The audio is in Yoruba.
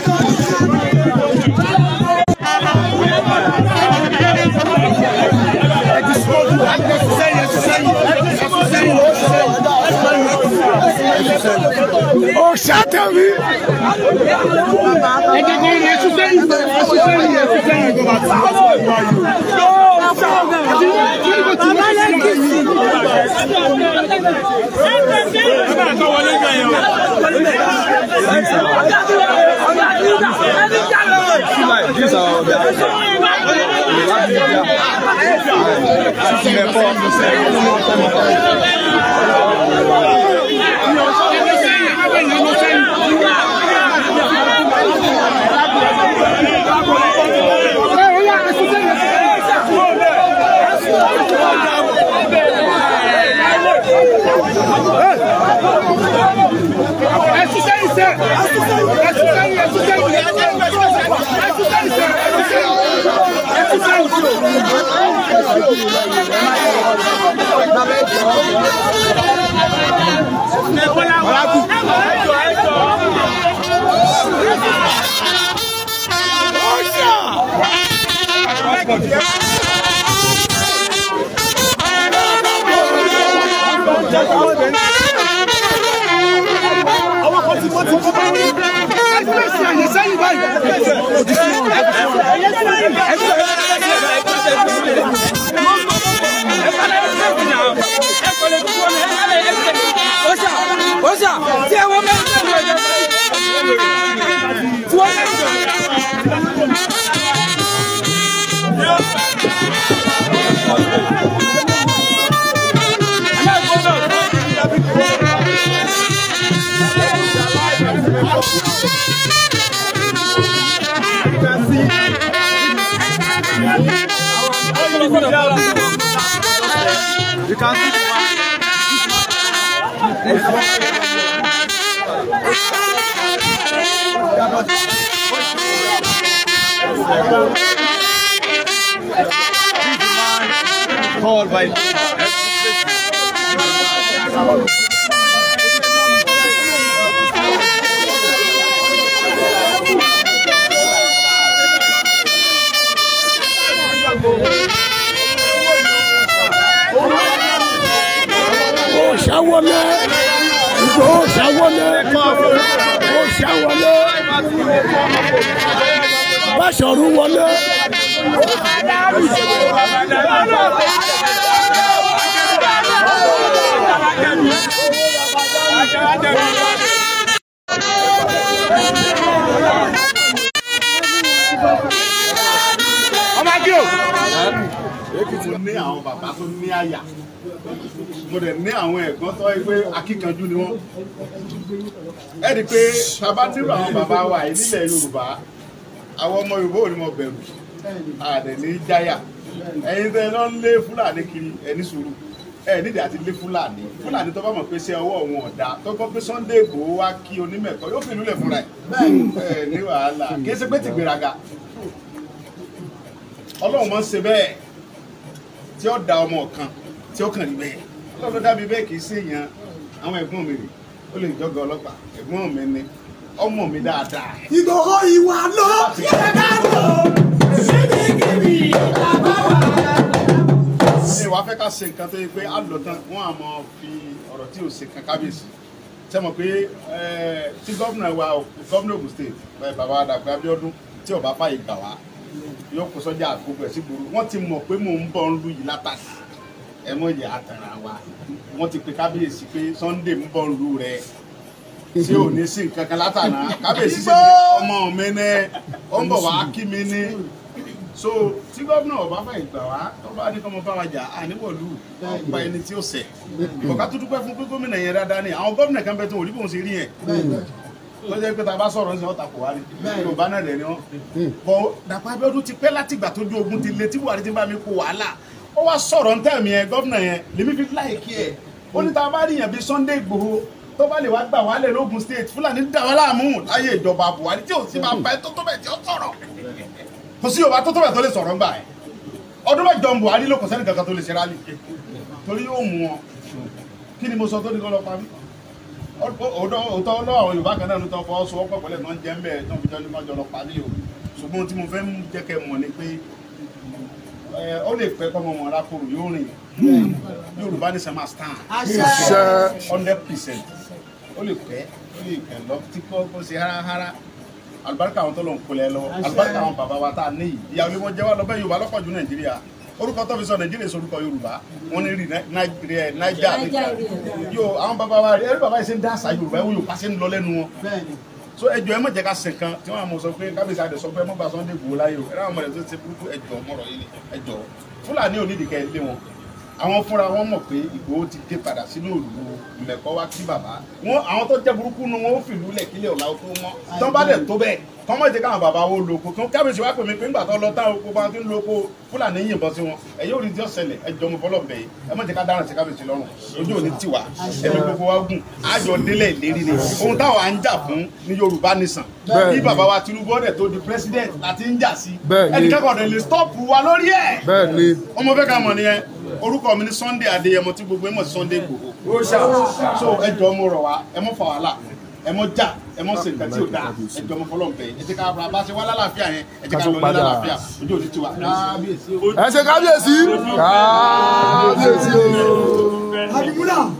O ṣáàtẹ̀ mi. Ẹ̀jẹ̀jẹ̀ yẹn ṣiṣẹ́ so that, jẹ́ kan ti mọ́ ti kọ́ bá wọn. ẹgbẹ́ ìṣẹ̀yìn sẹ́yìn báyìí. chance. Called by ṣàwọlé Ìgbòho ṣàwọlé Ìgbòho ṣàwọlé Báṣọ̀rù wọlé. ọmọ akérò. èkìtì ní àwọn bàbá tó ní àyà mo dẹ̀ ní àwọn ẹ̀gbọ́n tó yẹ pé akíkanjú ni wọ́n ẹ di pé bàbá nírò àwọn bàbá wa yìí nílẹ̀ Yorùbá àwọn ọmọ Yorùbá ò ní mọ bẹ̀rù àdẹ̀ ní jáyà ẹ̀yin tẹ́ lọ ń lé Fúlàní kiri ẹni sùúrù ẹ nídìí àti lé Fúlàní Fúlàní tó bá mọ̀ pé ṣe ọwọ́ wọn ọ̀dà tó gbọ́ pé Sunday Igboho wá kí onímẹ̀kọ́ yóò fi lulẹ̀ fúnra ẹ̀ ní wàhálà kí ẹ ṣe pé ti gbéraga Ọlọ́run mọ̀ ń ṣe bẹ́ẹ̀ tí ó da ọmọ kan tí ó kàn rí bẹ́ẹ̀ lọ́dọ̀ dàbí bẹ́ẹ̀ kì í sí èèyàn àwọn ẹ̀gbọ́n mi rè ó lè jọ́gọ̀ ọlọ́pàá ẹ̀gbọ́n mi ni ọmọ mi dáadáa. ìgbòho ìwà lọ yẹ ká lọ síbi kìbì bàbá wà. ṣé wàá fẹ́ ká ṣe nǹkan tó yẹ pé á wọ́n á fi ọ̀rọ̀ tí ò ṣe kan kábíyèsí ṣe mọ̀ pé tí gómìnà wa gómìnà Ògùn state bàbá Dàpọ̀ Abíọ́dún tí ọba fàyè gbà wá yóò kó sọ́jà àgbègbè sígboro wọ́n ti mọ̀ pé mò ń bọ̀ ń lu yìí látàkì ẹ mọ̀ yẹ àtàrà wa wọ́n ti pe kábíyèsí pé Sunday ń bọ̀ lù rẹ̀ ṣé ò ní sí nǹkan kan látàná kábíyèsí ṣe ọmọ mi ní ó ń bọ̀ wá kí mi ní so tí gómìnà ọba fàyè gbà wá ọba ní kọ́mọ bá wa jà á níwọ̀lú ọgbà ẹni tí ó ṣẹ̀ ọ̀ká tó dúpẹ́ fún pé gómìnà yẹn dáadáa ni àwọn gómìnà kan bẹ tó orí bòun ṣe rí yẹn tó jẹ́ pé ta bá sọ̀rọ̀ ní ọ̀tà kò wá rí yorùbá náà lẹ́ni wọn bọ̀ Dàpọ̀ Abíọ́dún ti pẹ́ látìgbà tó ju ogun ti le tí Buhari ti bá mi kó wàhálà ó wá sọ̀rọ̀ ní tẹ̀mí ẹ gọ́vnà yẹn lèmi fi láìkí ẹ̀ ó ní ta bá ríyàn bíi Sunday Igboho tó bá lè wá gbà wálẹ̀ lógun state Fúlàní dà wọ́n láàmú láyé ìjọba Buhari tí ò sí máa bá ẹ tó tó bẹ̀ tí ó sọ̀rọ̀ kò sí Yorùbá tó tó bẹ̀ tó lè sọ̀rọ̀ ńgbà ẹ̀ ọdún mẹ́jọ Buhari ló kò sẹ́ni kankan tó lè ṣe rálì torí yóò mú wọn kí ni mo sọ tó ní kọ́ lọ pa mí òótọ́ lọ́wọ́ àwọn Yorùbá kan náà ló tọ́ fọ́ sọ wọ́pọ̀ pẹ̀lẹ́ náà jẹ́ ń bẹ̀ o ṣùgbọ́n ó lè pẹ́ kọ́ mọ̀mọ́ alákòrò yóò rìn hmm. yorùbá ní sẹ́mà stand hundred percent ó lè pẹ́ ó lè pẹ́ lọ tí kò kò sí háráhárá àlùbáríkà àwọn tó lọ ń kulẹ̀ lọ àlùbáríkà àwọn bàbá wa tá a ní yìí ìyàwó wọn jẹ́ wá lọ bẹ́ẹ̀ yorùbá lọ́pọ̀ ju nàìjíríà orúkọ tó fi sọ nàìjíríà sorúkọ yorùbá wọn ní rí naija yóò àwọn bàbá wa rí ẹrí bàbá yìí ṣe ń dá àṣà yorùbá ẹ wọ́n yorùbá ń lọ lẹ́nu wọn so ẹjọ ẹ má jẹ́ ká sìn kan tí wọ́n mọ̀ sọ pé kábíyèsí àdè sọ pé mọ́gbà Sunday Igboho láyé o ẹ̀rọ àwọn ọmọ rẹ̀ tó ti burúkú ẹjọ ọmọ rẹ̀ yìí ẹjọ Fúlàní onídìí kẹ́ ẹ lé wọn àwọn fúnra wọn mọ̀ pé Ìgbòho ti dé padà sínú òlù ìmẹ̀kọ́ wá kí bàbá wọn àwọn tó jẹ́ burúkú nu wọn ó fìlú lẹ̀ kílẹ̀ ọ̀la ó tó mọ́ tán bá dẹ̀ tó bẹ́ẹ̀ kán mọ̀ ìdíkà àwọn bàbá wo lo oko kí kábíyèsí wá pè mí pé ńgbà tó lọ tá oko bá ti ń lo oko fúlàní yìnbọn sí wọn ẹ̀yẹ́ òní tí ó ṣẹlẹ̀ ẹ jọmọ bọ́lọ̀ bẹ̀ yìí ẹ mọ̀ ìdíkà dáràn sí kábíyèsí lọ́rùn ojú òní tì wá ẹ̀mí gbogbo wa gùn àjọ délẹ̀ ìlérí ni ohun táwa ń jà fún ní Yorùbá nìsàn bí bàbá wa Tinubu ọ̀dẹ̀ tó di president láti ń jà sí ẹnì orúkọ mi ni Sunday Adéyẹmọ tí gbogbo ẹ mọ̀ sí Sunday Igboho so ẹ jọ mo rọ̀ wá ẹ mọ̀ fà wàhálà ẹ mọ̀ jà ẹ mọ̀ ṣe nǹkan tí ò dáa ẹ jọ mo fọlọ́ nbẹ ẹ jẹ́ ká bá bá ṣe wá lálàáfíà yẹn ẹ jẹ́ ká lọ ní lálàáfíà ojú òtítù wa kábíyèsí. ẹ ṣe kábíyèsí kábíyèsí o. àdìgúnà.